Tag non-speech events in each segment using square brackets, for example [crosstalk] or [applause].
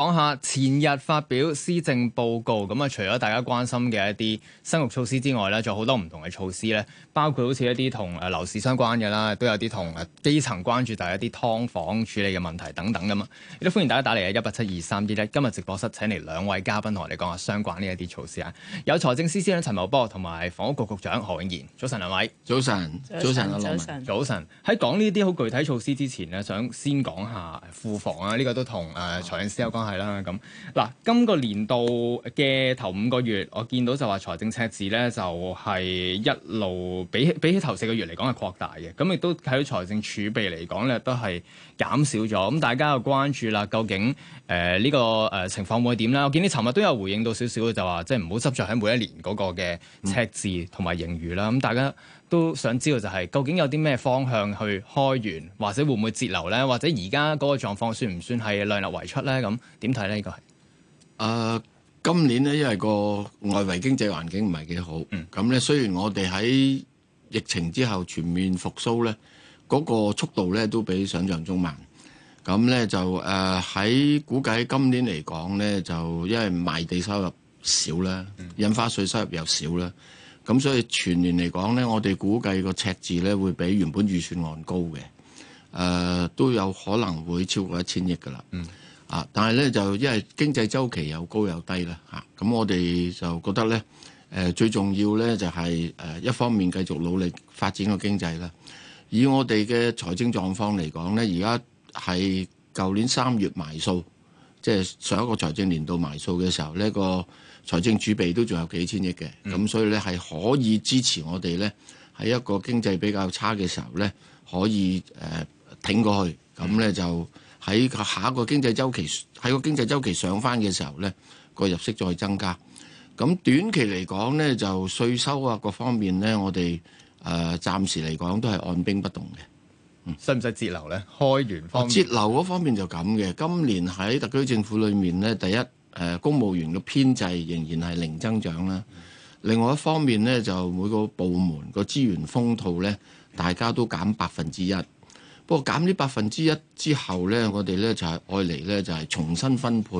講下前日發表施政報告，咁啊除咗大家關心嘅一啲生育措施之外咧，仲有好多唔同嘅措施咧，包括好似一啲同誒樓市相關嘅啦，都有啲同誒基層關注大家啲劏房處理嘅問題等等咁啊，亦都歡迎大家打嚟啊一八七二三 D 一，今日直播室請嚟兩位嘉賓同我哋講下相關呢一啲措施啊，有財政司司長陳茂波同埋房屋局局長何永賢。早晨兩位。早晨。早晨啊羅文。早晨。喺講呢啲好具體措施之前咧，想先講下庫房啊，呢、這個都同誒財政司有關係啦，咁嗱，今個年度嘅頭五個月，我見到就話財政赤字咧，就係、係、一路比起比起頭四個月嚟講係擴大嘅，咁亦都喺財政儲備嚟講咧都係減少咗。咁大家又關注啦，究竟呢、呃呢個、呃、情況會點啦？我見你尋日都有回應到少少嘅，就話即係唔好執着喺每一年嗰個嘅赤字同埋盈餘啦。咁大家，都想知道就係、是、究竟有啲咩方向去開源，或者會唔會節流呢？或者而家嗰個狀況算唔算係量入為出呢？咁點睇呢？咁係、呃，今年呢，因為個外圍經濟環境唔係幾好，咁、嗯、呢，雖然我哋喺疫情之後全面復甦呢，嗰、那個速度呢都比想像中慢。咁呢，就誒喺、呃、估計今年嚟講呢，就因為賣地收入少啦，印、嗯、花稅收入又少啦。咁所以全年嚟講呢，我哋估計個赤字呢會比原本預算案高嘅，誒、呃、都有可能會超過一千億噶啦。嗯，啊，但係呢，就因為經濟周期又高又低啦咁、啊、我哋就覺得呢，呃、最重要呢就係、是、一方面繼續努力發展個經濟啦。以我哋嘅財政狀況嚟講呢，而家係舊年三月埋數，即、就、係、是、上一個財政年度埋數嘅時候呢、這個。財政儲備都仲有幾千億嘅，咁所以呢，係可以支持我哋呢，喺一個經濟比較差嘅時候呢，可以誒、呃、挺過去。咁呢，就喺下一個經濟週期，喺個經濟週期上返嘅時候呢，個入息再增加。咁短期嚟講呢，就稅收啊各方面呢，我哋誒、呃、暫時嚟講都係按兵不動嘅。嗯，使唔使節流呢？開源方面，節流嗰方面就咁嘅。今年喺特區政府裡面呢，第一。誒公務員個編制仍然係零增長啦。另外一方面呢，就每個部門個資源封套呢，大家都減百分之一。不過減呢百分之一之後呢，我哋呢就係愛嚟呢，就係重新分配，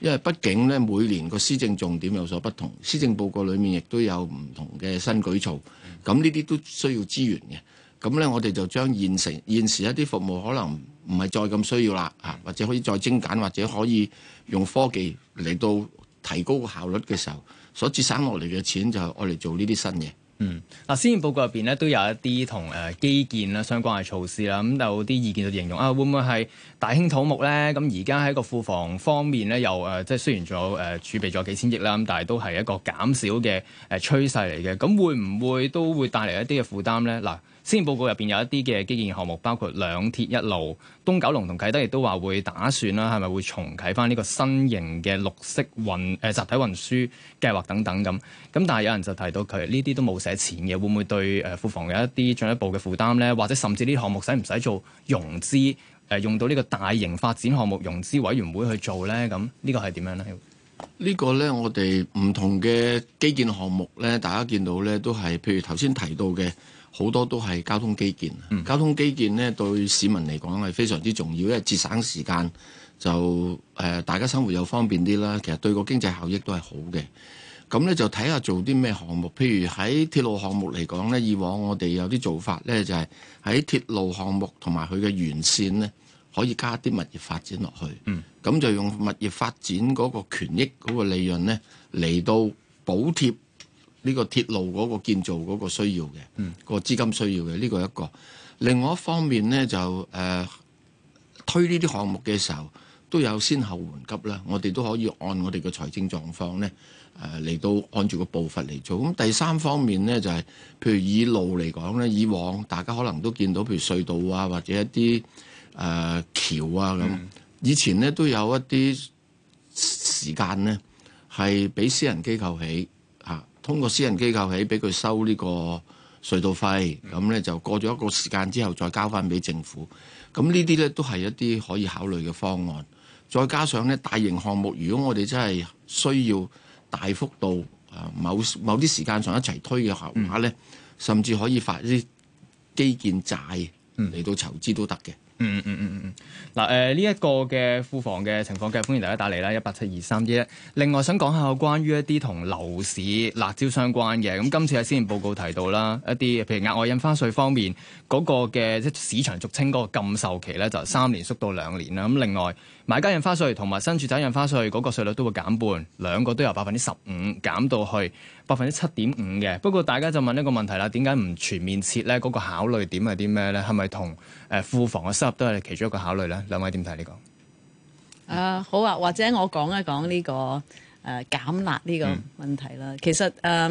因為畢竟呢，每年個施政重點有所不同，施政報告裡面亦都有唔同嘅新舉措。咁呢啲都需要資源嘅。咁呢，我哋就將現成現時一啲服務可能，唔係再咁需要啦，啊或者可以再精簡，或者可以用科技嚟到提高效率嘅時候，所節省落嚟嘅錢就係我哋做呢啲新嘢。嗯，嗱、啊，施政報告入邊咧都有一啲同誒基建啦相關嘅措施啦，咁有啲意見就形容啊，會唔會係大興土木咧？咁而家喺個庫房方面咧，又誒即係雖然仲有誒、呃、儲備咗幾千億啦，咁但係都係一個減少嘅誒、呃、趨勢嚟嘅。咁會唔會都會帶嚟一啲嘅負擔咧？嗱。施政報告入邊有一啲嘅基建項目，包括兩鐵一路、東九龍同啟德，亦都話會打算啦。係咪會重啟翻呢個新型嘅綠色運誒集體運輸計劃等等咁？咁但係有人就提到佢呢啲都冇寫錢嘅，會唔會對誒庫房有一啲進一步嘅負擔咧？或者甚至呢個項目使唔使做融資誒？用到呢個大型發展項目融資委員會去做咧？咁呢個係點樣咧？呢個咧，我哋唔同嘅基建項目咧，大家見到咧都係譬如頭先提到嘅。好多都係交通基建，嗯、交通基建呢，對市民嚟講係非常之重要，因為節省時間就、呃、大家生活又方便啲啦。其實對個經濟效益都係好嘅。咁呢就睇下做啲咩項目，譬如喺鐵路項目嚟講呢，以往我哋有啲做法呢，就係喺鐵路項目同埋佢嘅沿線呢，可以加啲物業發展落去，咁、嗯、就用物業發展嗰個權益嗰個利潤呢，嚟到補貼。呢、這個鐵路嗰個建造嗰個需要嘅，個、嗯、資金需要嘅呢、這個一個。另外一方面呢，就、呃、推呢啲項目嘅時候都有先後緩急啦。我哋都可以按我哋嘅財政狀況呢誒嚟、呃、到按住個步伐嚟做。咁、嗯、第三方面呢，就係、是，譬如以路嚟講呢，以往大家可能都見到，譬如隧道啊或者一啲誒橋啊咁。以前呢，都有一啲時間呢，係俾私人機構起。通過私人機構起，俾佢收呢個隧道費，咁呢就過咗一個時間之後再交翻俾政府。咁呢啲呢都係一啲可以考慮嘅方案。再加上呢大型項目，如果我哋真係需要大幅度啊某某啲時間上一齊推嘅話呢，甚至可以發啲基建債嚟到籌資都得嘅。嗯嗯嗯嗯嗯，嗱誒呢一個嘅庫房嘅情況嘅，歡迎大家打嚟啦，一八七二三一。另外想講下關於一啲同樓市辣招相關嘅，咁、嗯、今次喺施政報告提到啦，一啲譬如額外印花稅方面嗰、那個嘅即市場俗稱嗰個禁售期咧，就三年縮到兩年啦。咁、嗯嗯、另外。買家印花稅同埋新住宅印花稅嗰個稅率都會減半，兩個都由百分之十五減到去百分之七點五嘅。不過大家就問一個問題啦，點解唔全面撤咧？嗰、那個考慮點係啲咩咧？係咪同誒庫房嘅收入都係其中一個考慮咧？兩位點睇呢個？誒、呃、好啊，或者我講一講呢、這個誒、呃、減辣呢個問題啦。嗯、其實誒、呃、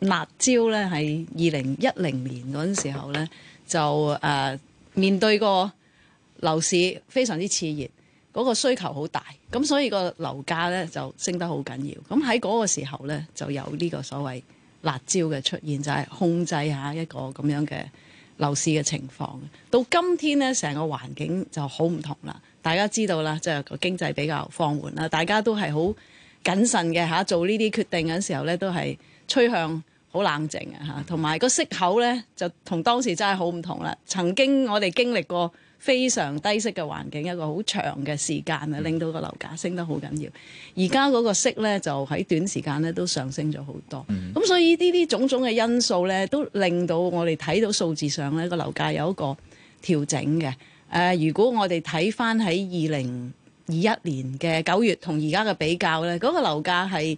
辣招咧係二零一零年嗰陣時候咧就誒、呃、面對個樓市非常之熾熱。嗰個需求好大，咁所以個樓價呢就升得好緊要。咁喺嗰個時候呢，就有呢個所謂辣招嘅出現，就係控制下一個咁樣嘅樓市嘅情況。到今天呢，成個環境就好唔同啦。大家知道啦，即係個經濟比較放緩啦，大家都係好謹慎嘅吓。做呢啲決定嘅時候呢，都係趨向好冷靜嘅嚇。同埋個息口呢，就同當時真係好唔同啦。曾經我哋經歷過。非常低息嘅環境，一個好長嘅時間啊，令到個樓價升得好緊要。而家嗰個息咧，就喺短時間咧都上升咗好多。咁、mm-hmm. 所以呢啲種種嘅因素咧，都令到我哋睇到數字上咧個樓價有一個調整嘅。誒、呃，如果我哋睇翻喺二零二一年嘅九月同而家嘅比較咧，嗰、那個樓價係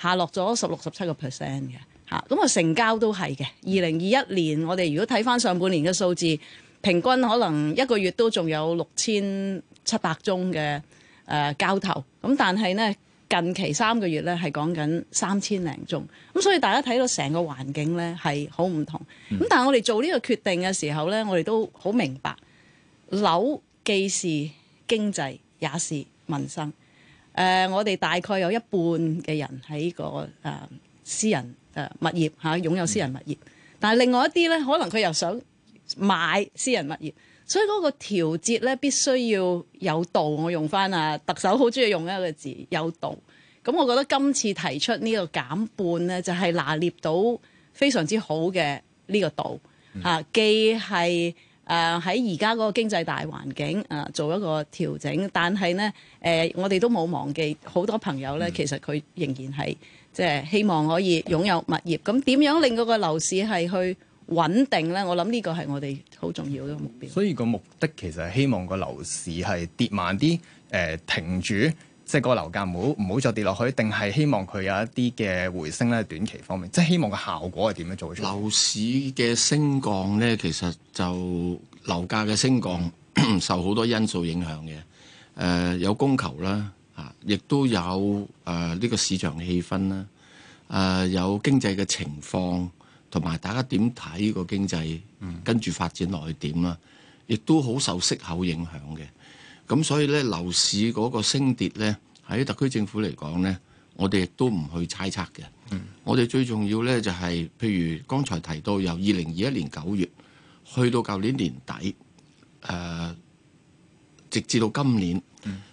下落咗十六十七個 percent 嘅。嚇、啊，咁啊成交都係嘅。二零二一年我哋如果睇翻上半年嘅數字。平均可能一個月都仲有六千七百宗嘅誒、呃、交投，咁但係呢近期三個月呢係講緊三千零宗，咁所以大家睇到成個環境呢係好唔同。咁但係我哋做呢個決定嘅時候呢，我哋都好明白樓既是經濟也是民生。誒、呃，我哋大概有一半嘅人喺、這個誒、呃、私人誒、呃、物業嚇擁、啊、有私人物業，但係另外一啲呢，可能佢又想。買私人物業，所以嗰個調節咧必須要有度。我用翻啊特首好鍾意用一個字有度。咁我覺得今次提出呢個減半咧，就係拿捏到非常之好嘅呢個度、嗯、既係誒喺而家嗰個經濟大環境啊做一個調整，但係呢，我哋都冇忘記好多朋友呢，其實佢仍然係即係希望可以擁有物業。咁點樣令嗰個樓市係去穩定咧，我諗呢個係我哋好重要嘅目標。所以個目的其實係希望個樓市係跌慢啲，呃，停住，即係個樓價唔好唔好再跌落去，定係希望佢有一啲嘅回升咧。短期方面，即係希望個效果係點樣做出？樓市嘅升降咧，其實就樓價嘅升降 [coughs] 受好多因素影響嘅，呃，有供求啦，啊，亦都有誒呢個市場氣氛啦，誒有經濟嘅情況。同埋大家點睇個經濟，跟住發展落去點啦，亦都好受息口影響嘅。咁所以呢，樓市嗰個升跌呢，喺特區政府嚟講呢，我哋亦都唔去猜測嘅。嗯、我哋最重要呢，就係、是，譬如剛才提到由二零二一年九月去到舊年年底，呃、直至到今年，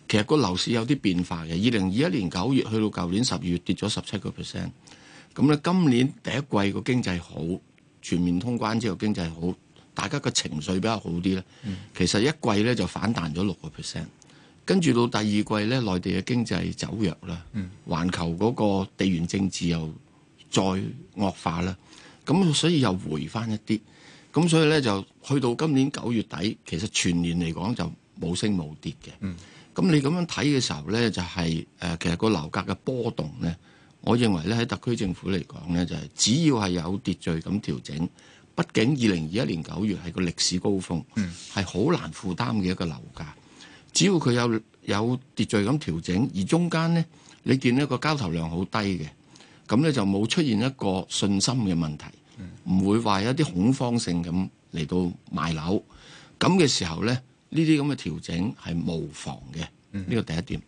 其實個樓市有啲變化嘅。二零二一年九月去到舊年十月跌咗十七個 percent。咁咧，今年第一季個經濟好，全面通關之後的經濟好，大家嘅情緒比較好啲咧、嗯。其實一季咧就反彈咗六個 percent，跟住到第二季咧，內地嘅經濟走弱啦，環、嗯、球嗰個地緣政治又再惡化啦，咁所以又回翻一啲。咁所以咧就去到今年九月底，其實全年嚟講就冇升冇跌嘅。咁、嗯、你咁樣睇嘅時候咧，就係、是、誒，其實個樓價嘅波動咧。我認為咧，喺特區政府嚟講呢就係只要係有秩序咁調整，畢竟二零二一年九月係個歷史高峰，係好難負擔嘅一個樓價。只要佢有有秩序咁調整，而中間呢你見一個交投量好低嘅，咁呢就冇出現一個信心嘅問題，唔會話有啲恐慌性咁嚟到買樓。咁嘅時候呢呢啲咁嘅調整係無妨嘅，呢、嗯呢個第一點。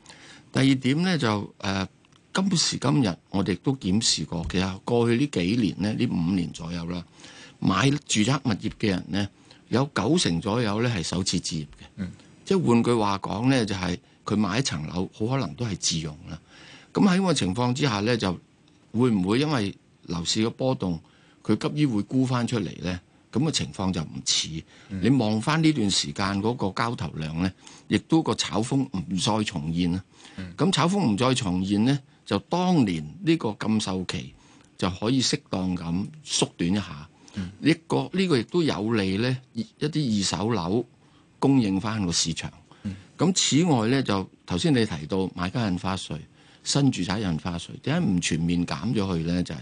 第二點呢就誒。呃今時今日，我哋亦都檢視過嘅。其實過去呢幾年呢，呢五年左右啦，買住宅物業嘅人呢，有九成左右呢係首次置業嘅。即、mm. 係換句話講呢，就係、是、佢買一層樓，好可能都係自用啦。咁喺個情況之下呢，就會唔會因為樓市嘅波動，佢急於會沽翻出嚟呢？咁、那、嘅、個、情況就唔似。Mm. 你望翻呢段時間嗰、那個交投量呢，亦都個炒風唔再重現啦。咁、mm. 炒風唔再重現呢。就當年呢個禁售期就可以適當咁縮短一下，呢個呢個亦都有利呢一啲二手樓供應翻個市場。咁此外呢，就頭先你提到買家印花稅、新住宅印花稅點解唔全面減咗去呢？就係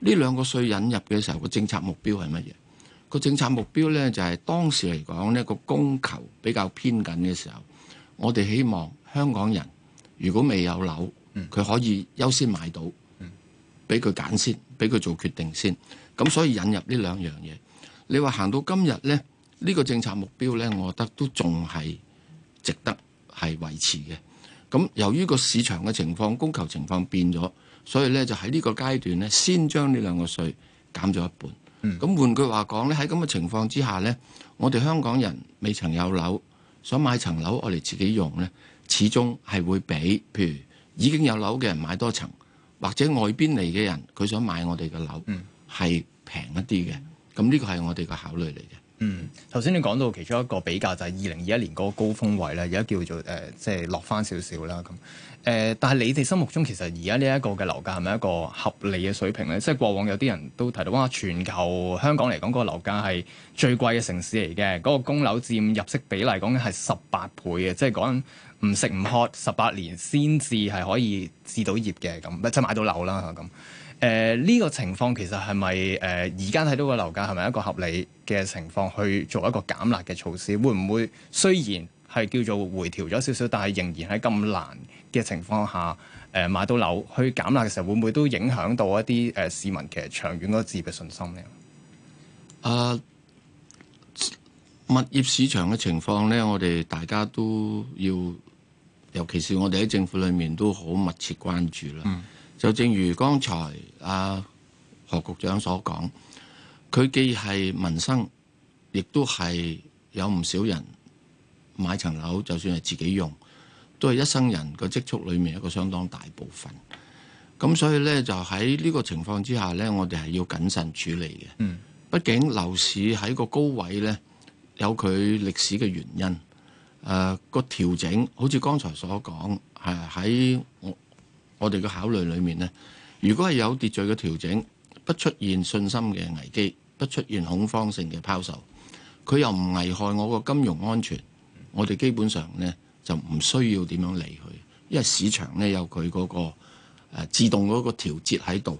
呢兩個稅引入嘅時候個政策目標係乜嘢？個政策目標呢，就係當時嚟講呢個供求比較偏緊嘅時候，我哋希望香港人如果未有樓。佢可以優先買到，俾佢揀先，俾佢做決定先。咁所以引入呢兩樣嘢。你話行到今日呢，呢、呢個政策目標呢，我覺得都仲係值得係維持嘅。咁由於個市場嘅情況、供求情況變咗，所以呢，就喺呢個階段呢，先將呢兩個稅減咗一半。咁換句話講呢，喺咁嘅情況之下呢，我哋香港人未曾有樓，想買層樓，我哋自己用呢，始終係會比譬如。已經有樓嘅人買多層，或者外邊嚟嘅人佢想買我哋嘅樓，係平一啲嘅。咁呢個係我哋嘅考慮嚟嘅。嗯，頭先、嗯、你講到其中一個比較就係二零二一年嗰個高峰位咧，而、嗯、家叫做誒，即係落返少少啦。咁、就、誒、是呃，但係你哋心目中其實而家呢一個嘅樓價係咪一個合理嘅水平咧？即、就、係、是、過往有啲人都提到哇，全球香港嚟講、那個樓價係最貴嘅城市嚟嘅，嗰、那個供樓佔入息比例講緊係十八倍嘅，即係講緊。唔食唔喝十八年先至係可以置到業嘅，咁，即係買到樓啦咁。誒呢個情況其實係咪誒而家睇到個樓價係咪一個合理嘅情況去做一個減壓嘅措施？會唔會雖然係叫做回調咗少少，但係仍然喺咁難嘅情況下誒買到樓去減壓嘅時候，會唔會都影響到一啲誒市民其實長遠嗰個置業信心咧？啊，物業市場嘅情況咧，我哋大家都要。尤其是我哋喺政府裏面都好密切關注啦、嗯。就正如剛才啊何局長所講，佢既係民生，亦都係有唔少人買層樓，就算係自己用，都係一生人個積蓄裏面一個相當大部分。咁所以咧，就喺呢個情況之下咧，我哋係要謹慎處理嘅。嗯、畢竟樓市喺個高位咧，有佢歷史嘅原因。誒個調整，好似剛才所講，係喺我我哋嘅考慮裏面呢，如果係有秩序嘅調整，不出現信心嘅危機，不出現恐慌性嘅拋售，佢又唔危害我個金融安全，我哋基本上呢就唔需要點樣理佢，因為市場呢有佢嗰個自動嗰個調節喺度，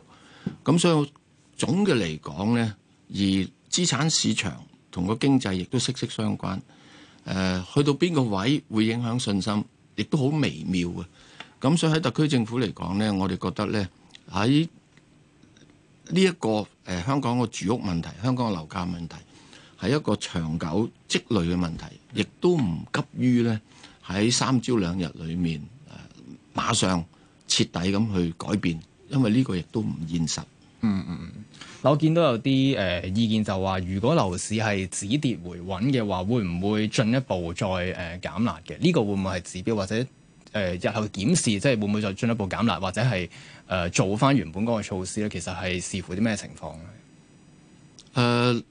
咁所以總嘅嚟講呢，而資產市場同個經濟亦都息息相關。誒去到邊個位會影響信心，亦都好微妙嘅。咁所以喺特區政府嚟講呢，我哋覺得呢，喺呢一個誒香港個住屋問題、香港個樓價問題係一個長久積累嘅問題，亦都唔急於呢，喺三朝兩日裡面誒馬上徹底咁去改變，因為呢個亦都唔現實。嗯嗯嗯，嗱，我見到有啲誒、呃、意見就話，如果樓市係止跌回穩嘅話，會唔會進一步再誒、呃、減辣嘅？呢、這個會唔會係指標，或者誒、呃、日後檢視，即係會唔會再進一步減辣，或者係誒、呃、做返原本嗰個措施咧？其實係視乎啲咩情況嘅。誒、呃，呢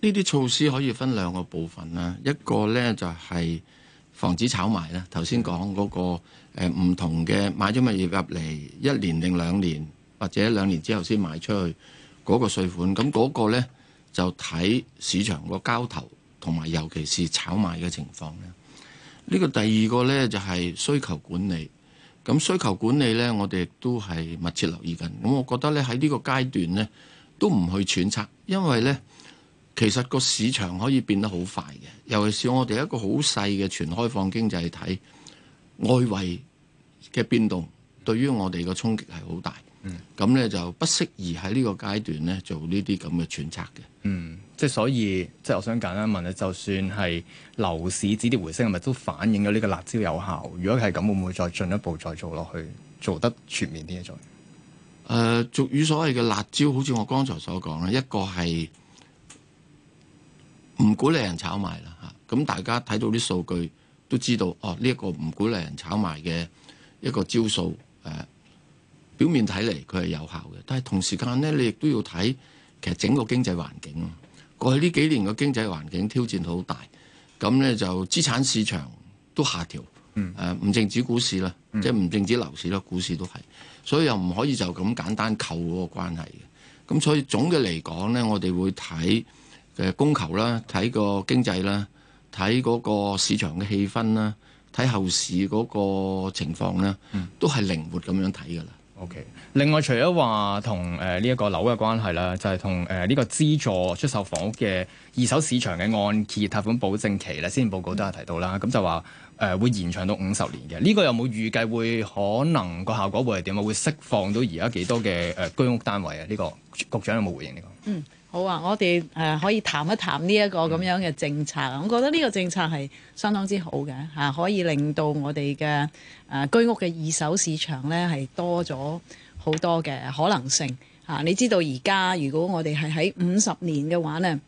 啲措施可以分兩個部分啦，一個咧就係、是。防止炒賣呢，頭先講嗰個唔同嘅買咗物業入嚟一年定兩年，或者兩年之後先賣出去嗰個稅款，咁嗰個呢就睇市場個交投同埋尤其是炒賣嘅情況。呢個第二個呢，就係需求管理，咁需求管理呢，我哋都係密切留意緊。咁我覺得呢，喺呢個階段呢，都唔去揣測，因為呢。其實個市場可以變得好快嘅，尤其是我哋一個好細嘅全開放經濟體，外圍嘅變動對於我哋嘅衝擊係好大的。嗯，咁呢就不適宜喺呢個階段呢做呢啲咁嘅揣測嘅。嗯，即係所以，即係我想簡單問你，就算係樓市止跌回升，係咪都反映咗呢個辣招有效？如果係咁，會唔會再進一步再做落去，做得全面啲嘅？再、呃、誒，俗語所謂嘅辣招，好似我剛才所講咧，一個係。唔鼓勵人炒賣啦吓，咁大家睇到啲數據都知道，哦呢一個唔鼓勵人炒賣嘅一個招數，誒表面睇嚟佢係有效嘅，但係同時間咧你亦都要睇，其實整個經濟環境，過去呢幾年嘅經濟環境挑戰好大，咁咧就資產市場都下調，誒唔淨止股市啦，即係唔淨止樓市啦，股市都係，所以又唔可以就咁簡單扣嗰個關係嘅，咁所以總嘅嚟講咧，我哋會睇。嘅供求啦，睇個經濟啦，睇嗰個市場嘅氣氛啦，睇後市嗰個情況啦，都係靈活咁樣睇㗎啦。OK，另外除咗話同呢一個樓嘅關係啦，就係同呢個資助出售房屋嘅二手市場嘅按揭貸款保證期咧，先前報告都有提到啦，咁就話誒、呃、會延長到五十年嘅。呢個有冇預計會可能個效果會係點啊？會釋放到而家幾多嘅居屋單位啊？呢個局長有冇回應呢個？嗯。好啊！我哋誒、呃、可以談一談呢一個咁樣嘅政策啊！我覺得呢個政策係相當之好嘅嚇、啊，可以令到我哋嘅誒居屋嘅二手市場咧係多咗好多嘅可能性嚇、啊。你知道而家如果我哋係喺五十年嘅話咧，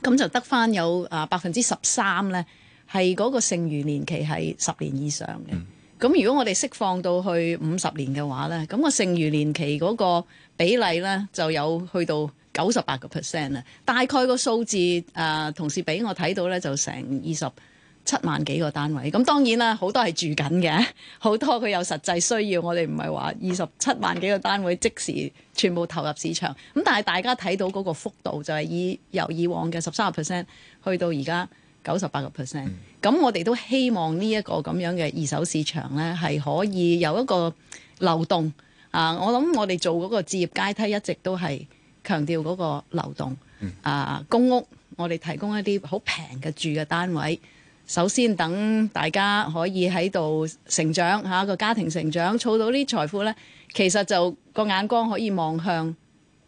咁就得返有啊百分之十三咧，係嗰個剩餘年期係十年以上嘅。咁、嗯、如果我哋釋放到去五十年嘅話咧，咁、嗰個剩餘年期嗰個比例咧就有去到。九十八個 percent 啊，大概個數字啊、呃，同事俾我睇到咧，就成二十七萬幾個單位。咁當然啦，好多係住緊嘅，好多佢有實際需要。我哋唔係話二十七萬幾個單位即時全部投入市場咁，但係大家睇到嗰個幅度就係以由以往嘅十三個 percent 去到而家九十八個 percent。咁、嗯、我哋都希望呢一個咁樣嘅二手市場咧係可以有一個流動啊、呃。我諗我哋做嗰個置業階梯一直都係強調嗰個流動，啊，公屋我哋提供一啲好平嘅住嘅單位。首先等大家可以喺度成長嚇、啊、個家庭成長，儲到啲財富呢，其實就個眼光可以望向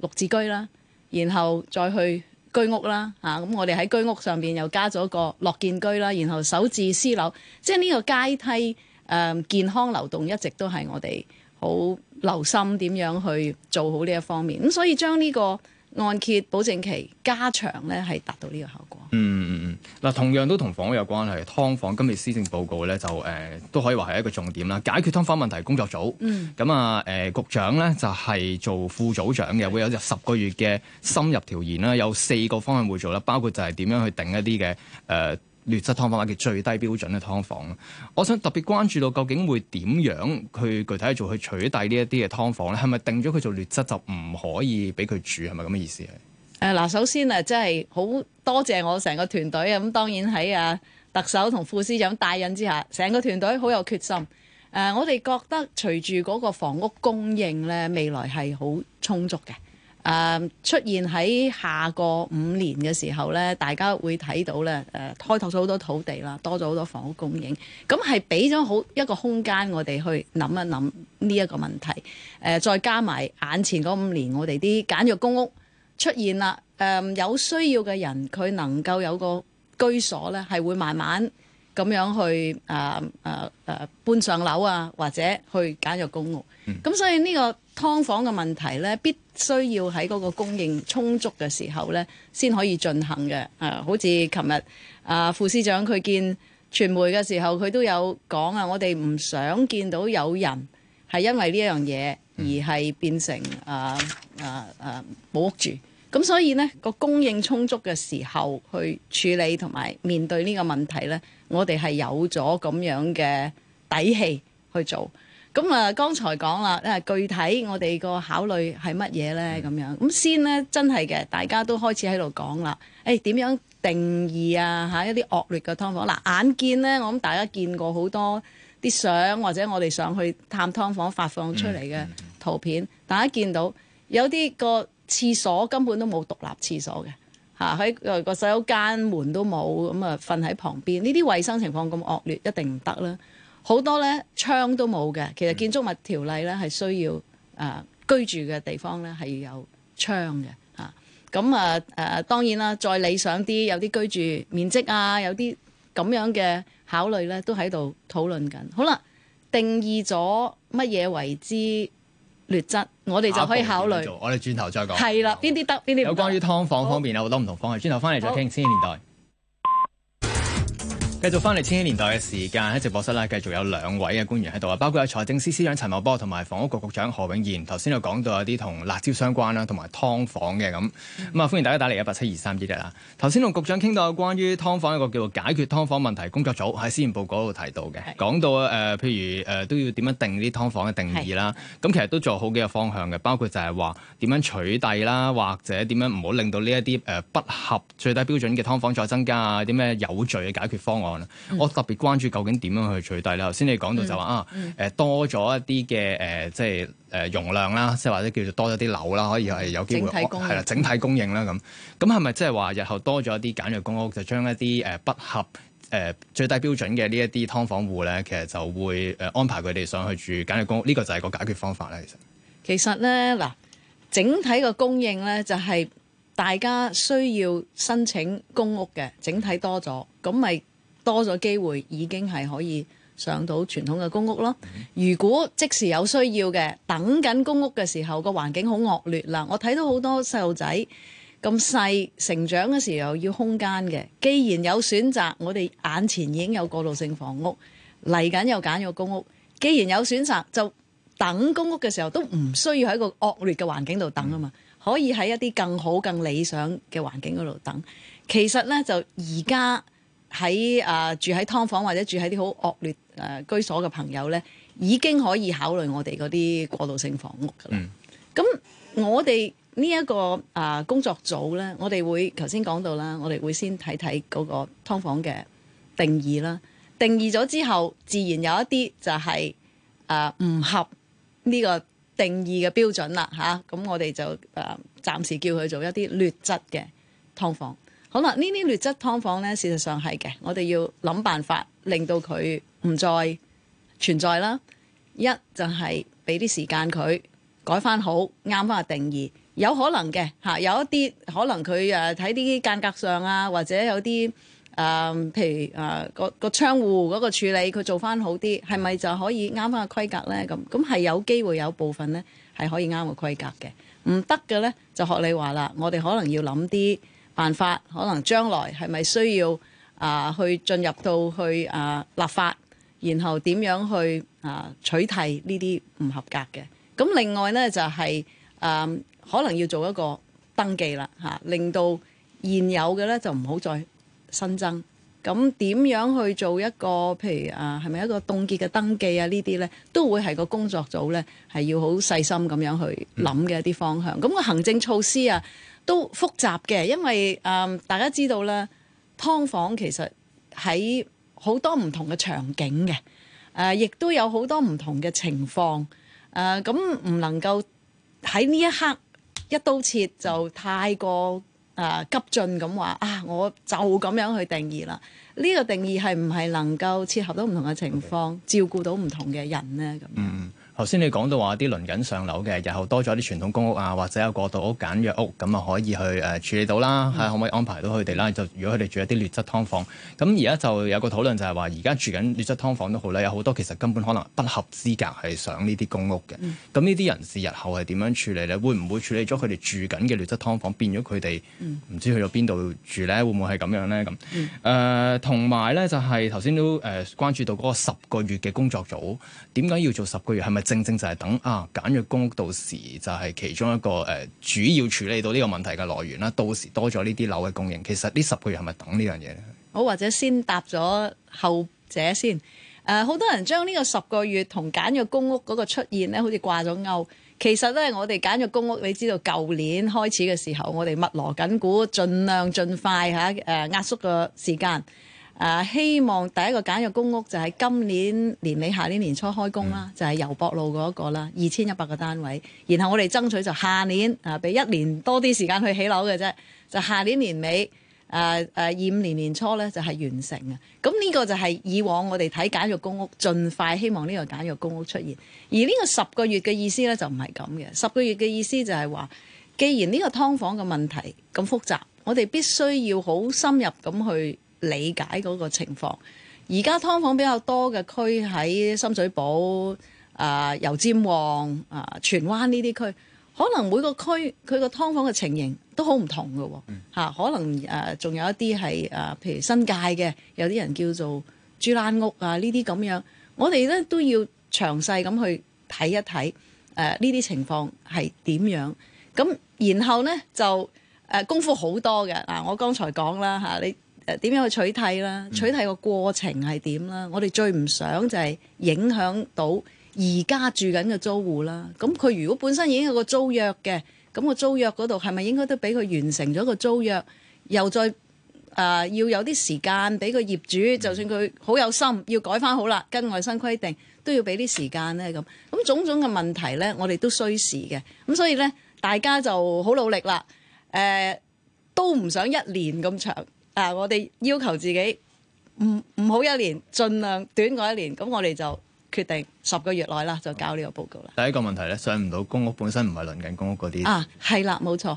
綠置居啦，然後再去居屋啦嚇。咁、啊、我哋喺居屋上邊又加咗個樂建居啦，然後首置私樓，即係呢個階梯誒、嗯、健康流動一直都係我哋好。留心點樣去做好呢一方面，咁所以將呢個按揭保證期加長咧，係達到呢個效果。嗯嗯嗯，嗱、嗯、同樣都同房屋有關係，劏房今日施政報告咧就誒、呃、都可以話係一個重點啦。解決劏房問題工作組，咁啊誒局長咧就係、是、做副組長嘅，會有十個月嘅深入調研啦，有四個方向會做啦，包括就係點樣去定一啲嘅誒。呃劣質劏房啊，叫最低標準嘅劏房。我想特別關注到，究竟會點樣去具體做去取締呢一啲嘅劏房咧？係咪定咗佢做劣質就唔可以俾佢住？係咪咁嘅意思係？誒、呃、嗱，首先啊，真係好多謝我成個團隊啊。咁當然喺啊特首同副司長帶引之下，成個團隊好有決心。誒、呃，我哋覺得隨住嗰個房屋供應咧，未來係好充足嘅。誒、呃、出現喺下個五年嘅時候呢，大家會睇到呢，誒、呃、開拓咗好多土地啦，多咗好多房屋供應，咁係俾咗好一個空間我哋去諗一諗呢一個問題。誒、呃、再加埋眼前嗰五年，我哋啲簡約公屋出現啦，誒、呃、有需要嘅人佢能夠有個居所呢，係會慢慢咁樣去誒誒誒搬上樓啊，或者去簡約公屋。咁、嗯、所以呢、呢個。劏房嘅問題咧，必須要喺嗰個供應充足嘅時候咧，先可以進行嘅。啊，好似琴日啊，副司長佢見傳媒嘅時候，佢都有講啊，我哋唔想見到有人係因為呢一樣嘢而係變成啊啊啊冇屋住。咁所以呢，個供應充足嘅時候去處理同埋面對呢個問題咧，我哋係有咗咁樣嘅底氣去做。咁啊，剛才講啦，因為具體我哋個考慮係乜嘢呢？咁、嗯、樣咁先呢，真係嘅，大家都開始喺度講啦。誒、哎，點樣定義啊？嚇，一啲惡劣嘅劏房嗱，眼見呢，我諗大家見過好多啲相，或者我哋上去探劏房發放出嚟嘅圖片、嗯嗯，大家見到有啲個廁所根本都冇獨立廁所嘅嚇，喺個洗手間門都冇，咁啊瞓喺旁邊，呢啲衞生情況咁惡劣，一定唔得啦。好多咧窗都冇嘅，其實建築物條例咧係、嗯、需要誒、呃、居住嘅地方咧係要有窗嘅嚇。咁啊誒、啊啊、當然啦，再理想啲有啲居住面積啊，有啲咁樣嘅考慮咧都喺度討論緊。好啦，定義咗乜嘢為之劣質，我哋就可以考慮。我哋轉頭再講。係啦，邊啲得邊啲有關於劏房方面有好多唔同方向，轉頭翻嚟再傾《千禧年代》。繼續翻嚟千禧年代嘅時間喺直播室啦，繼續有兩位嘅官員喺度啊，包括有財政司司、司長陳茂波同埋房屋局局長何永賢。頭先又講到有啲同辣椒相關啦，同埋劏房嘅咁。咁啊、嗯，歡迎大家打嚟一八七二三之六啦。頭先同局長傾到有關於劏房一個叫做解決劏房問題工作組喺施政報告度提到嘅，講到誒、呃，譬如誒、呃、都要點樣定啲劏房嘅定義啦。咁其實都做好幾個方向嘅，包括就係話點樣取締啦，或者點樣唔好令到呢一啲誒不合最低標準嘅㓥房再增加啊，啲咩有序嘅解決方案。嗯、我特別關注究竟點樣去取締咧？頭先你講到就話、嗯嗯、啊，誒多咗一啲嘅誒，即係誒容量啦，即係或者叫做多咗啲樓啦，可以係有機會係啦，整體供應啦咁。咁係咪即係話日後多咗一啲簡約公屋，就將一啲誒不合誒、呃、最低標準嘅呢一啲劏房戶咧，其實就會誒安排佢哋上去住簡約公屋？呢、呢個就係個解決方法咧。其實其實咧嗱，整體嘅供應咧就係大家需要申請公屋嘅整體多咗，咁咪？多咗機會已經係可以上到傳統嘅公屋咯。如果即時有需要嘅，等緊公屋嘅時候個環境好惡劣喇，我睇到好多細路仔咁細成長嘅時候要空間嘅。既然有選擇，我哋眼前已經有過渡性房屋嚟緊又揀咗公屋。既然有選擇，就等公屋嘅時候都唔需要喺個惡劣嘅環境度等啊嘛，可以喺一啲更好、更理想嘅環境嗰度等。其實呢，就而家。喺啊、呃、住喺劏房或者住喺啲好惡劣誒、呃、居所嘅朋友呢，已經可以考慮我哋嗰啲過渡性房屋噶啦。咁、嗯、我哋呢一個啊、呃、工作組呢，我哋會頭先講到啦，我哋會先睇睇嗰個劏房嘅定義啦。定義咗之後，自然有一啲就係啊唔合呢個定義嘅標準啦嚇。咁我哋就啊暫、呃、時叫佢做一啲劣質嘅劏房。好啦，呢啲劣質劏房呢，事實上係嘅，我哋要諗辦法令到佢唔再存在啦。一就係俾啲時間佢改翻好，啱翻個定義，有可能嘅嚇，有一啲可能佢誒睇啲間隔上啊，或者有啲誒、呃，譬如誒、呃、個個窗戶嗰個處理，佢做翻好啲，係咪就可以啱翻個規格呢？咁咁係有機會有部分呢係可以啱個規格嘅，唔得嘅呢，就學你話啦，我哋可能要諗啲。辦法可能將來係咪需要啊去進入到去啊立法，然後點樣去啊取締呢啲唔合格嘅？咁另外呢，就係、是、誒、啊、可能要做一個登記啦嚇、啊，令到現有嘅呢就唔好再新增。咁點樣去做一個譬如啊係咪一個凍結嘅登記啊？這些呢啲呢都會係個工作組呢，係要好細心咁樣去諗嘅一啲方向。咁、嗯那個行政措施啊～都複雜嘅，因為誒、呃、大家知道啦，劏房其實喺好多唔同嘅場景嘅，誒、呃、亦都有好多唔同嘅情況，誒咁唔能夠喺呢一刻一刀切就太過誒、呃、急進咁話啊！我就咁樣去定義啦。呢、這個定義係唔係能夠切合到唔同嘅情況，照顧到唔同嘅人呢？咁頭先你講到話啲輪緊上樓嘅，日後多咗啲傳統公屋啊，或者有過渡屋、簡約屋，咁啊可以去誒、呃、處理到啦，係、嗯、可唔可以安排到佢哋啦？就如果佢哋住一啲劣質劏房，咁而家就有個討論就係話，而家住緊劣質劏房都好啦，有好多其實根本可能不合資格係上呢啲公屋嘅。咁呢啲人士日後係點樣處理咧？會唔會處理咗佢哋住緊嘅劣質劏房，變咗佢哋唔知去到邊度住咧？會唔會係咁樣咧？咁誒同埋咧就係頭先都誒、呃、關注到嗰個十個月嘅工作組，點解要做十個月？係咪？正正就係等啊，簡約公屋到時就係其中一個誒、呃、主要處理到呢個問題嘅來源啦。到時多咗呢啲樓嘅供應，其實呢十個月係咪等呢樣嘢咧？好，或者先答咗後者先。誒、呃，好多人將呢個十個月同簡約公屋嗰個出現咧，好似掛咗鈎。其實咧，我哋簡約公屋，你知道舊年開始嘅時候，我哋密鑼緊鼓，儘量盡快嚇誒、呃、壓縮個時間。誒、啊、希望第一個簡約公屋就係今年年尾下年年初開工啦、嗯，就係、是、油博路攸壆路嗰、那個啦，二千一百個單位。然後我哋爭取就下年啊，俾一年多啲時間去起樓嘅啫。就下年年尾誒誒二五年年初呢就係、是、完成啊。咁呢個就係以往我哋睇簡約公屋，盡快希望呢個簡約公屋出現。而呢個十個月嘅意思呢，就唔係咁嘅。十個月嘅意思就係話，既然呢個劏房嘅問題咁複雜，我哋必須要好深入咁去理解嗰個情況，而家劏房比較多嘅區喺深水埗、啊、呃、油尖旺、啊荃灣呢啲區，可能每個區佢個劏房嘅情形都好唔同嘅，嚇、嗯啊、可能誒仲、呃、有一啲係誒，譬如新界嘅有啲人叫做住爛屋啊呢啲咁樣，我哋咧都要詳細咁去睇一睇誒呢啲情況係點樣，咁、啊、然後咧就誒、呃、功夫好多嘅嗱、啊，我剛才講啦嚇你。誒點樣去取締啦？取締個過程係點啦？我哋最唔想就係影響到而家住緊嘅租戶啦。咁佢如果本身已經有個租約嘅，咁、個租約嗰度係咪應該都俾佢完成咗個租約？又再誒、呃、要有啲時間俾個業主，嗯、就算佢好有心要改翻好啦，跟外生規定都要俾啲時間咧。咁咁種種嘅問題咧，我哋都需時嘅。咁所以咧，大家就好努力啦。誒、呃、都唔想一年咁長。嗱、啊，我哋要求自己唔唔好一年，儘量短過一年。咁我哋就決定十個月內啦，就交呢個報告啦。第一個問題咧，上唔到公屋，本身唔係輪緊公屋嗰啲啊，係啦，冇錯。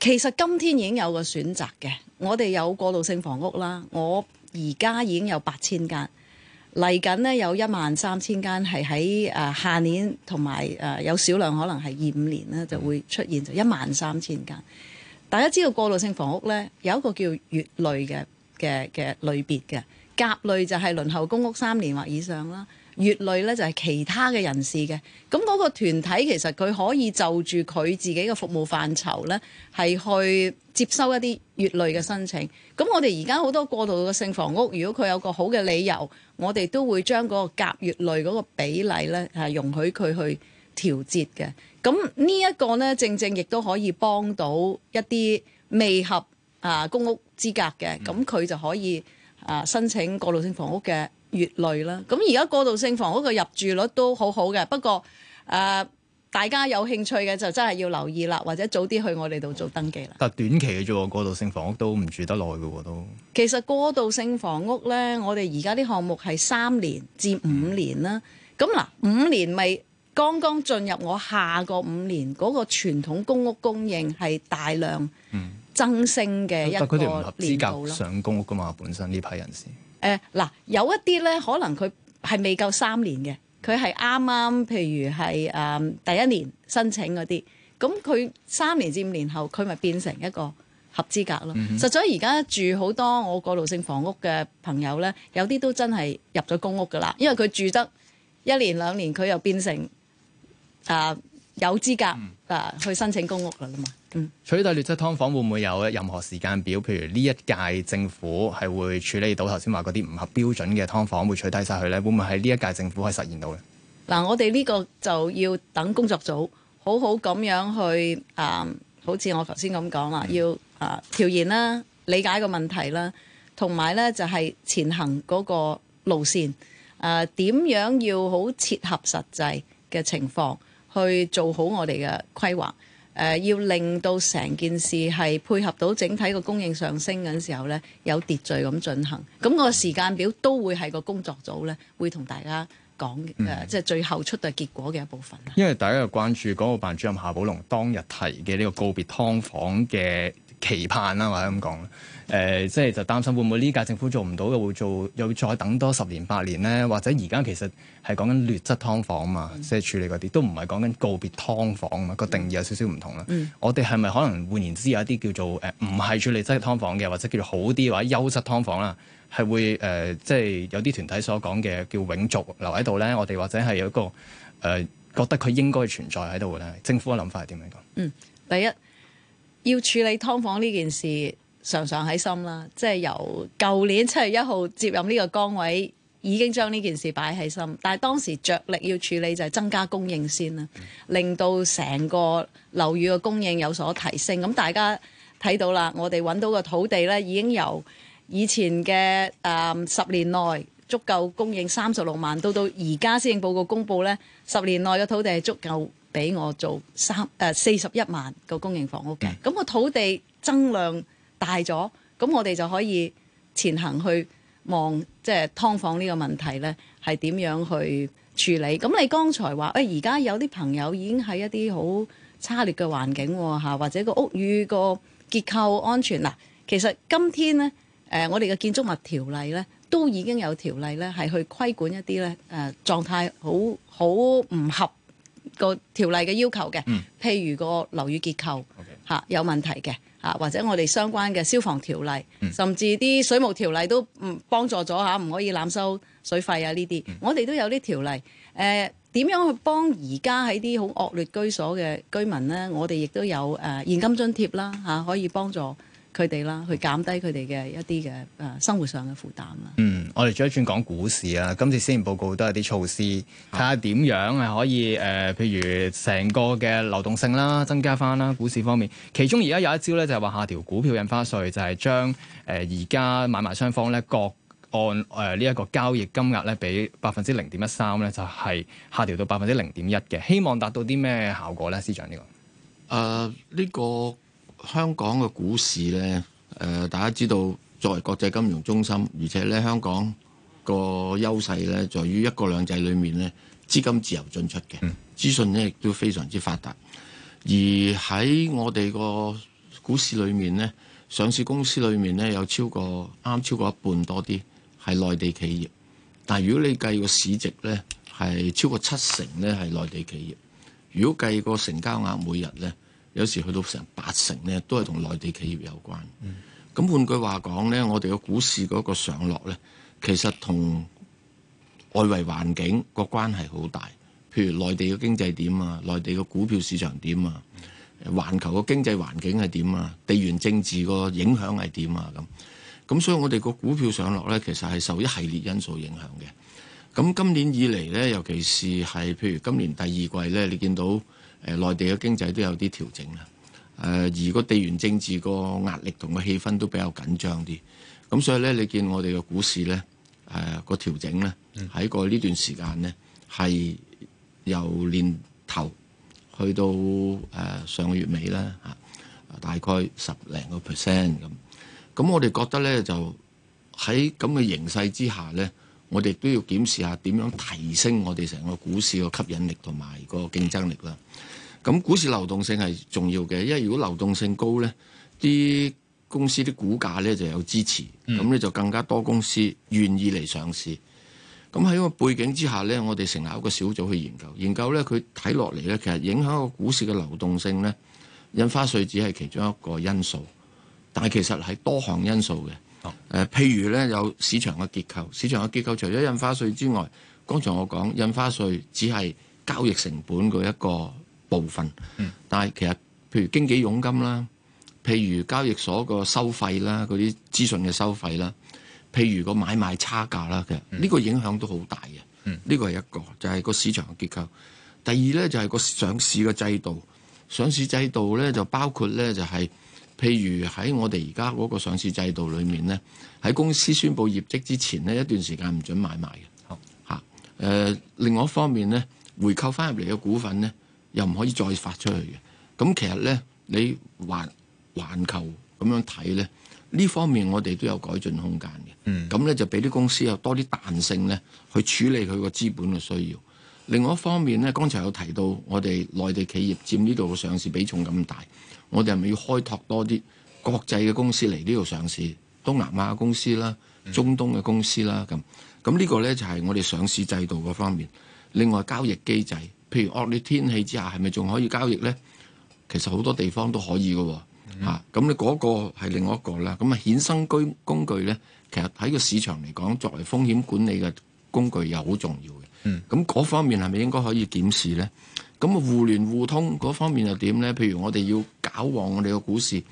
其實今天已經有個選擇嘅，我哋有過渡性房屋啦。我而家已經有八千間，嚟緊呢，有一萬三千間係喺誒下年，同埋誒有少、呃、量可能係二五年咧就會出現就一萬三千間。大家知道過渡性房屋咧，有一個叫乙類嘅嘅嘅類別嘅。甲類就係輪候公屋三年或以上啦，乙類咧就係其他嘅人士嘅。咁、那、嗰個團體其實佢可以就住佢自己嘅服務範疇咧，係去接收一啲乙類嘅申請。咁我哋而家好多過渡嘅性房屋，如果佢有一個好嘅理由，我哋都會將嗰個甲乙類嗰個比例咧係容許佢去調節嘅。咁呢一個呢，正正亦都可以幫到一啲未合啊公屋資格嘅，咁、嗯、佢就可以啊申請過渡性房屋嘅月累啦。咁而家過渡性房屋嘅入住率都好好嘅，不過誒、啊、大家有興趣嘅就真係要留意啦，或者早啲去我哋度做登記啦。但短期嘅啫喎，過渡性房屋都唔住得耐嘅喎都。其實過渡性房屋呢，我哋而家啲項目係三年至五年啦。咁、嗯、嗱，五、啊、年咪、就係？剛剛進入我下個五年嗰、那個傳統公屋供應係大量增升嘅一個年度啦，嗯、因為佢哋唔合資格上公屋噶嘛，本身呢批人士。誒、呃、嗱，有一啲咧可能佢係未夠三年嘅，佢係啱啱譬如係誒、嗯、第一年申請嗰啲，咁佢三年至五年後佢咪變成一個合資格咯。嗯、實在而家住好多我過渡性房屋嘅朋友咧，有啲都真係入咗公屋噶啦，因為佢住得一年兩年，佢又變成。啊，有資格啊，去申請公屋啦嘛。嗯，取締劣質劏房會唔會有任何時間表，譬如呢一屆政府係會處理到頭先話嗰啲唔合標準嘅劏房，會取締晒佢呢？會唔會喺呢一屆政府可以實現到呢？嗱、嗯，我哋呢個就要等工作組好好咁樣去啊，好似我頭先咁講啦，要啊調研啦，理解個問題啦，同埋呢就係、是、前行嗰個路線啊，點樣要好切合實際嘅情況，去做好我哋嘅規劃，誒要令到成件事係配合到整體個供應上升緊時候咧，有秩序咁進行，咁個時間表都會係個工作組咧會同大家講、嗯，即係最後出嘅結果嘅一部分。因為大家就關注港澳辦主任夏寶龍當日提嘅呢個告別劏房嘅。期盼啦、啊，或者咁講，誒、呃，即係就擔心會唔會呢屆政府做唔到嘅，會做又會再等多十年八年咧，或者而家其實係講緊劣質劏房嘛，即、嗯、係、就是、處理嗰啲都唔係講緊告別劏房嘛、嗯，個定義有少少唔同啦。嗯、我哋係咪可能換言之有一啲叫做誒唔係處理質劏房嘅，或者叫做好啲或者優質劏房啦，係會誒、呃、即係有啲團體所講嘅叫永續留喺度咧，我哋或者係有一個誒、呃、覺得佢應該存在喺度咧，政府嘅諗法係點樣講？嗯，第一。要處理劏房呢件事，常常喺心啦。即係由舊年七月一號接任呢個崗位，已經將呢件事擺喺心。但係當時着力要處理就係增加供應先啦，令到成個樓宇嘅供應有所提升。咁大家睇到啦，我哋揾到嘅土地呢，已經由以前嘅呃、十年內足夠供應三十六萬，到到而家先報告公佈呢，十年內嘅土地係足夠。俾我做三誒四十一萬個公營房屋，嘅、嗯，咁個土地增量大咗，咁我哋就可以前行去望，即係劏房呢個問題呢係點樣去處理？咁你剛才話誒，而、哎、家有啲朋友已經喺一啲好差劣嘅環境嚇、啊，或者個屋宇個結構安全嗱、啊，其實今天呢，誒、呃，我哋嘅建築物條例呢，都已經有條例呢係去規管一啲呢誒狀態好好唔合。個條例嘅要求嘅、嗯，譬如個樓宇結構嚇、Okay. 啊、有問題嘅嚇、啊，或者我哋相關嘅消防條例，嗯、甚至啲水務條例都幫助咗嚇，啊、唔可以濫收水費啊呢啲，嗯，我哋都有啲條例，誒、呃、點樣去幫而家喺啲好惡劣居所嘅居民咧？我哋亦都有誒、呃、現金津貼啦嚇、啊，可以幫助。佢哋啦，去減低佢哋嘅一啲嘅誒生活上嘅負擔啦。嗯，我哋再轉一轉講股市啊，今次施政報告都係啲措施，睇下點樣係可以誒、呃，譬如成個嘅流動性啦，增加翻啦，股市方面，其中而家有一招咧，就係、是、話下調股票印花稅，就係將誒而家買賣雙方咧各按誒呢一個交易金額咧，俾百分之零點一三咧，就係、是、下調到百分之零點一嘅，希望達到啲咩效果咧，司長呢、這個？誒、呃，呢、這個。香港嘅股市咧，誒、呃、大家知道作為國際金融中心，而且咧香港個優勢咧，在於一國兩制裏面咧，資金自由進出嘅、嗯，資訊咧亦都非常之發達，而喺我哋個股市裏面咧，上市公司裏面咧有超過啱超過一半多啲係內地企業，但係如果你計個市值咧，係超過七成咧係內地企業，如果計個成交額每日咧，有時去到成八成咧，都係同內地企業有關。咁換句話講呢，我哋嘅股市嗰個上落呢，其實同外圍環境個關係好大。譬如內地嘅經濟點啊，內地嘅股票市場點啊，環球嘅經濟環境係點啊，地緣政治個影響係點啊咁。咁所以我哋個股票上落呢，其實係受一系列因素影響嘅。咁今年以嚟呢，尤其是係譬如今年第二季呢，你見到。誒內地嘅經濟都有啲調整啦，誒而個地緣政治個壓力同個氣氛都比較緊張啲，咁所以咧，你見我哋嘅股市咧，誒個調整咧喺個呢段時間咧，係由年頭去到誒上個月尾啦嚇，大概十零個 percent 咁，咁我哋覺得咧，就喺咁嘅形勢之下咧，我哋都要檢視下點樣提升我哋成個股市嘅吸引力同埋個競爭力啦。咁股市流動性係重要嘅，因為如果流動性高咧，啲公司啲股價咧就有支持，咁咧就更加多公司願意嚟上市。咁喺呢個背景之下咧，我哋成立一個小組去研究，研究咧佢睇落嚟咧，其實影響個股市嘅流動性咧，印花稅只係其中一個因素，但係其實係多項因素嘅，呃，譬如咧有市場嘅結構，市場嘅結構除咗印花稅之外，剛才我講印花稅只係交易成本嗰一個。部分，但係其實譬如經紀佣金啦，譬如交易所個收費啦，嗰啲資訊嘅收費啦，譬如個買賣差價啦，其實呢個影響都好大嘅。呢個係一個就係個市場嘅結構。第二咧就係個上市嘅制度，上市制度咧就包括咧就係譬如喺我哋而家嗰個上市制度裏面咧，喺公司宣布業績之前呢，一段時間唔準買賣嘅吓。誒，另外一方面咧，回購翻入嚟嘅股份咧。又唔可以再發出去嘅，咁其實呢，你環球咁樣睇呢，呢方面我哋都有改進空間嘅。嗯。咁呢，就俾啲公司有多啲彈性呢去處理佢個資本嘅需要。另外一方面呢，剛才有提到我哋內地企業佔呢度嘅上市比重咁大，我哋係咪要開拓多啲國際嘅公司嚟呢度上市？東南亞公司啦，中東嘅公司啦，咁咁呢個呢，就係我哋上市制度嘅方面。另外交易機制。譬如惡劣天氣之下，係咪仲可以交易呢？其實好多地方都可以嘅喎，咁、mm-hmm. 你嗰個係另外一個啦。咁啊，衍生工具呢，其實喺個市場嚟講，作為風險管理嘅工具又好重要嘅。咁、mm-hmm. 嗰方面係咪應該可以檢視呢？咁啊，互聯互通嗰方面又點呢？譬如我哋要搞旺我哋嘅股市，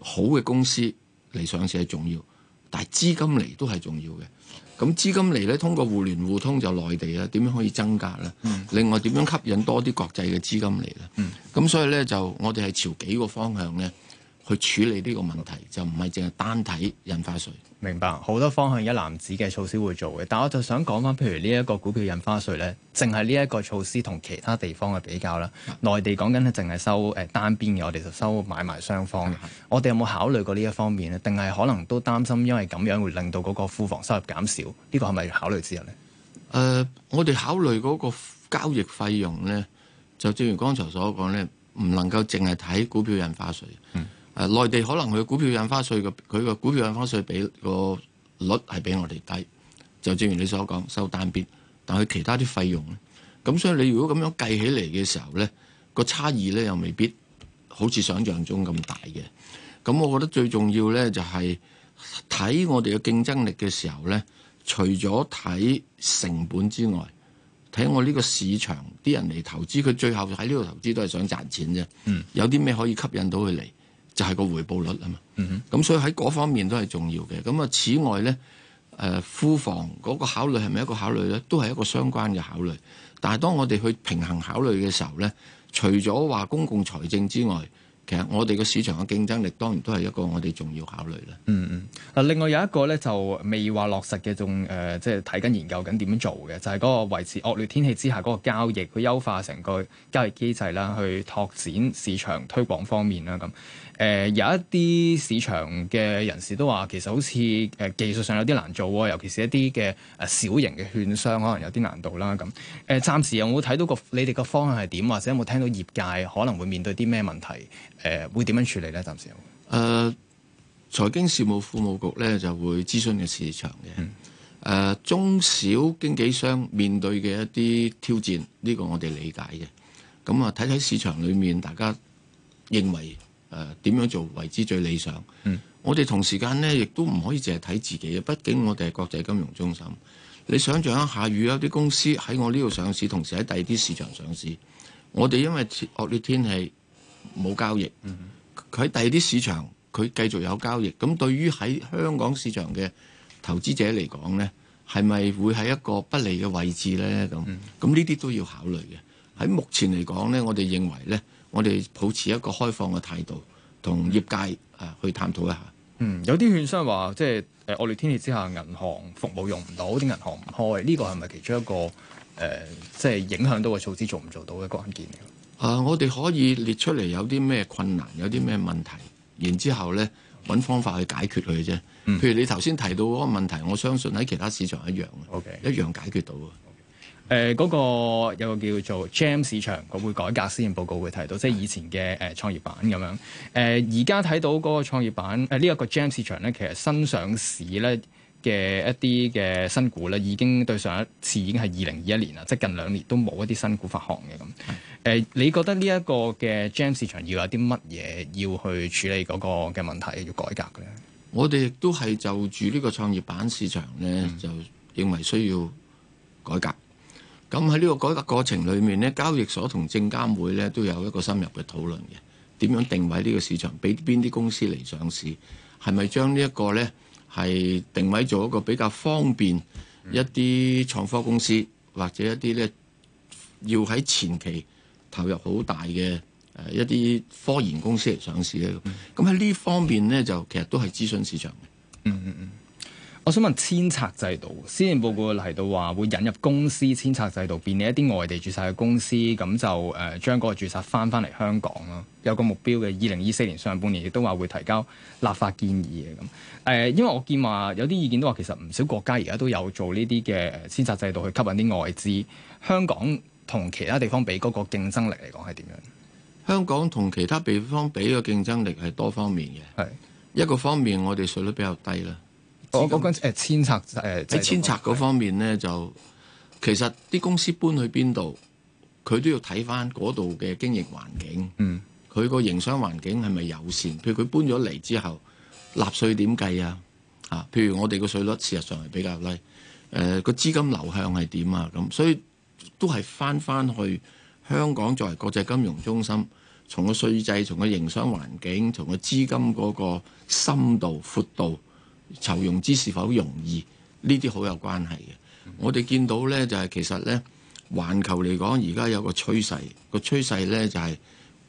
好嘅公司嚟上市係重要，但係資金嚟都係重要嘅。咁資金嚟咧，通過互聯互通就內地啦。點樣可以增加咧、嗯？另外點樣吸引多啲國際嘅資金嚟咧？咁、嗯、所以咧，就我哋係朝幾個方向咧。去處理呢個問題就唔係淨係單睇印花稅。明白，好多方向一籃子嘅措施會做嘅。但我就想講翻，譬如呢一個股票印花稅呢淨係呢一個措施同其他地方嘅比較啦。內地講緊咧，淨係收誒單邊嘅，我哋就收買賣雙方嘅。我哋有冇考慮過呢一方面咧？定係可能都擔心，因為咁樣會令到嗰個庫房收入減少。呢、這個係咪考慮之一呢？誒、呃，我哋考慮嗰個交易費用呢，就正如剛才所講呢，唔能夠淨係睇股票印花稅。嗯誒，內地可能佢股票印花稅、個佢個股票印花稅比個率係比我哋低，就正如你所講收單邊，但係其他啲費用咧，咁所以你如果咁樣計起嚟嘅時候咧，個差異咧又未必好似想像中咁大嘅。咁我覺得最重要咧就係、是、睇我哋嘅競爭力嘅時候咧，除咗睇成本之外，睇我呢個市場啲人嚟投資，佢最後喺呢度投資都係想賺錢啫、嗯。有啲咩可以吸引到佢嚟？就係、是、個回報率啊嘛，咁、嗯、所以喺嗰方面都係重要嘅。咁啊，此外咧，誒、呃、庫房嗰個考慮係咪一個考慮咧？都係一個相關嘅考慮。但係當我哋去平衡考慮嘅時候咧，除咗話公共財政之外，其實我哋個市場嘅競爭力當然都係一個我哋重要考慮啦。嗯嗯，嗱，另外有一個咧就未話落實嘅，仲誒即係睇緊研究緊點樣做嘅，就係、是、嗰個維持惡劣天氣之下嗰個交易，去優化成個交易機制啦，去拓展市場推廣方面啦咁。誒、呃、有一啲市場嘅人士都話，其實好似誒技術上有啲難做喎，尤其是一啲嘅誒小型嘅券商，可能有啲難度啦。咁誒、呃，暫時有冇睇到個你哋個方向係點，或者有冇聽到業界可能會面對啲咩問題？誒、呃，會點樣處理咧？暫時誒、呃，財經事務庫務局咧就會諮詢嘅市場嘅誒、嗯呃，中小經紀商面對嘅一啲挑戰，呢、這個我哋理解嘅。咁啊，睇睇市場裏面大家認為。誒、呃、點樣做為之最理想？嗯、我哋同時間呢，亦都唔可以淨係睇自己。畢竟我哋係國際金融中心，你想象一下，雨有如啲公司喺我呢度上市，同時喺第二啲市場上市，我哋因為惡劣天氣冇交易，佢喺第二啲市場佢繼續有交易，咁對於喺香港市場嘅投資者嚟講呢，係咪會喺一個不利嘅位置呢？咁，咁呢啲都要考慮嘅。喺目前嚟講呢，我哋認為呢。我哋保持一個開放嘅態度，同業界啊去探討一下。嗯，有啲券商話，即係誒惡劣天氣之下，銀行服務用唔到，啲銀行唔開。呢、呢個係咪其中一個誒，即、呃、係、就是、影響到個措施做唔做到嘅關鍵？啊、呃，我哋可以列出嚟有啲咩困難，有啲咩問題，然之後咧揾方法去解決佢嘅啫。嗯，譬如你頭先提到嗰個問題，我相信喺其他市場一樣嘅，okay. 一樣解決到啊。誒、呃、嗰、那個有個叫做 Gem 市場，我會改革施政報告會提到，即係以前嘅誒、呃、創業板咁樣。誒而家睇到嗰個創業板誒呢一個 Gem 市場咧，其實新上市咧嘅一啲嘅新股咧，已經對上一次已經係二零二一年啦，即係近兩年都冇一啲新股發行嘅咁。誒、呃，你覺得呢一個嘅 Gem 市場要有啲乜嘢要去處理嗰個嘅問題要改革嘅咧？我哋亦都係就住呢個創業板市場咧，就認為需要改革。咁喺呢個改革過程裏面呢，交易所同證監會呢都有一個深入嘅討論嘅，點樣定位呢個市場，俾邊啲公司嚟上市，係咪將呢一個呢係定位做一個比較方便一啲創科公司或者一啲呢要喺前期投入好大嘅誒、呃、一啲科研公司嚟上市呢？咁喺呢方面呢，就其實都係諮詢市場嘅。嗯嗯嗯。我想問遷冊制度，施政報告嚟到話會引入公司遷冊制度，便利一啲外地註冊嘅公司咁就誒將嗰個註冊翻翻嚟香港咯。有個目標嘅二零二四年上半年亦都話會提交立法建議嘅咁誒。因為我見話有啲意見都話其實唔少國家而家都有做呢啲嘅遷冊制度去吸引啲外資。香港同其他地方比嗰個競爭力嚟講係點樣？香港同其他地方比嘅競爭力係多方面嘅，係一個方面我哋稅率比較低啦。我講緊誒遷拆誒喺遷拆嗰方面咧，就其實啲公司搬去邊度，佢都要睇翻嗰度嘅經營環境。嗯，佢個營商環境係咪友善？譬如佢搬咗嚟之後，納稅點計啊？啊，譬如我哋個稅率事實上係比較低。誒、呃，個資金流向係點啊？咁所以都係翻翻去香港作為國際金融中心，從個稅制，從個營商環境，從個資金嗰個深度、闊度。籌融資是否容易？呢啲好有關係嘅。Mm-hmm. 我哋見到呢，就係、是、其實呢，環球嚟講，而家有個趨勢，個趨勢呢，就係、是、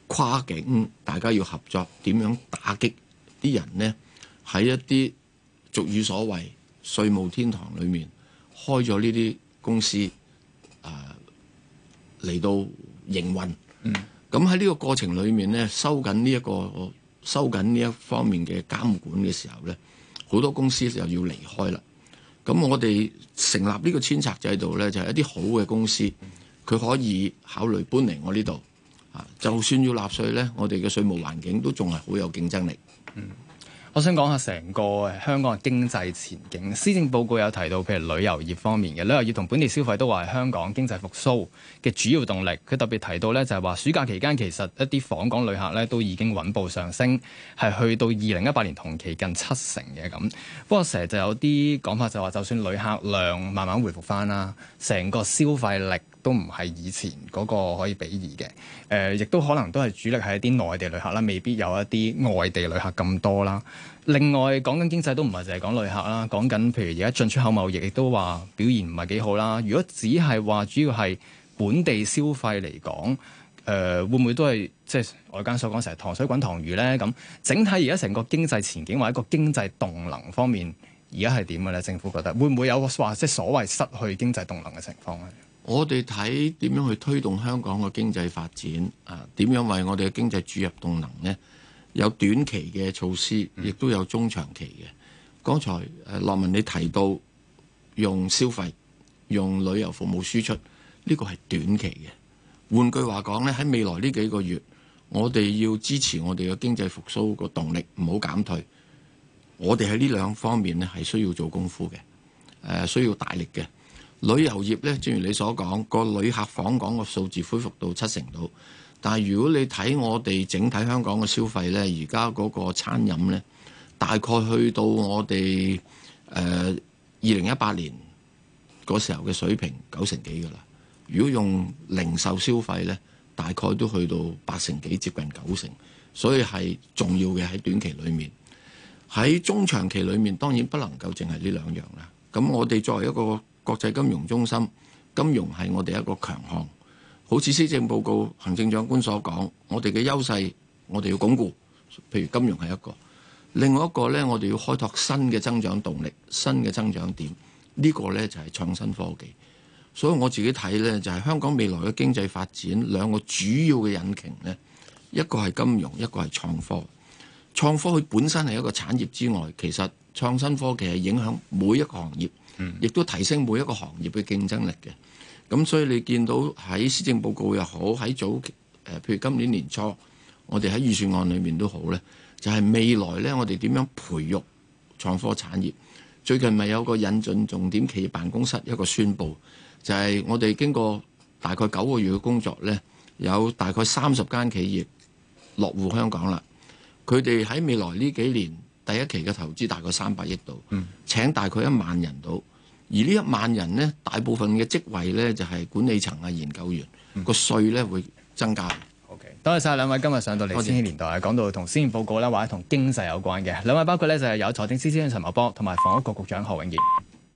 跨境大家要合作，點樣打擊啲人呢？喺一啲俗語所謂稅務天堂裏面開咗呢啲公司啊嚟、呃、到營運。咁喺呢個過程裏面呢，收緊呢、這、一個收緊呢一方面嘅監管嘅時候呢。好多公司又要離開啦，咁我哋成立呢個遷冊制度呢，就係一啲好嘅公司，佢可以考慮搬嚟我呢度，啊，就算要納稅呢，我哋嘅稅務環境都仲係好有競爭力。嗯。我想講下成個香港嘅經濟前景。施政報告有提到，譬如旅遊業方面嘅旅遊業同本地消費都話係香港經濟復甦嘅主要動力。佢特別提到咧，就係話暑假期間其實一啲訪港旅客咧都已經穩步上升，係去到二零一八年同期近七成嘅咁。不過成日就有啲講法就話，就算旅客量慢慢回復翻啦，成個消費力。都唔係以前嗰個可以比擬嘅，誒、呃，亦都可能都係主力係一啲內地旅客啦，未必有一啲外地旅客咁多啦。另外講緊經濟都唔係淨係講旅客啦，講緊譬如而家進出口貿易亦都話表現唔係幾好啦。如果只係話主要係本地消費嚟講，誒、呃，會唔會都係即係外間所講成日塘水滾塘魚咧？咁整體而家成個經濟前景或者個經濟動能方面，而家係點嘅咧？政府覺得會唔會有話即係所謂失去經濟動能嘅情況咧？我哋睇點樣去推動香港嘅經濟發展啊？點樣為我哋嘅經濟注入動能呢？有短期嘅措施，亦都有中長期嘅。剛才誒樂文你提到用消費、用旅遊服務輸出，呢、這個係短期嘅。換句話講咧，喺未來呢幾個月，我哋要支持我哋嘅經濟復甦個動力，唔好減退。我哋喺呢兩方面咧係需要做功夫嘅，誒需要大力嘅。旅遊業呢，正如你所講，個旅客訪港個數字恢復到七成到。但係如果你睇我哋整體香港嘅消費呢，而家嗰個餐飲呢，大概去到我哋誒二零一八年嗰時候嘅水平九成幾㗎啦。如果用零售消費呢，大概都去到八成幾，接近九成。所以係重要嘅喺短期裏面，喺中長期裏面當然不能夠淨係呢兩樣啦。咁我哋作為一個國際金融中心，金融係我哋一個強項。好似施政報告行政長官所講，我哋嘅優勢，我哋要鞏固。譬如金融係一個，另外一個呢，我哋要開拓新嘅增長動力、新嘅增長點。呢個呢，就係創新科技。所以我自己睇呢，就係香港未來嘅經濟發展兩個主要嘅引擎呢，一個係金融，一個係創科。創科佢本身係一個產業之外，其實創新科技係影響每一個行業。亦、嗯、都提升每一個行業嘅競爭力嘅，咁所以你見到喺施政報告又好，喺早期、呃、譬如今年年初，我哋喺預算案裏面都好呢，就係、是、未來呢，我哋點樣培育創科產業？最近咪有個引進重點企業辦公室一個宣佈，就係、是、我哋經過大概九個月嘅工作呢，有大概三十間企業落戶香港啦，佢哋喺未來呢幾年。第一期嘅投資大概三百億度，請大概一萬人度，而呢一萬人呢，大部分嘅職位呢，就係、是、管理層啊、研究員，嗯、個稅呢會增加。OK，多謝曬兩位今日上到嚟千禧年代，講到同施政報告啦，或者同經濟有關嘅兩位，包括呢，就係、是、有財政司司長陳茂波同埋房屋局局長何永賢。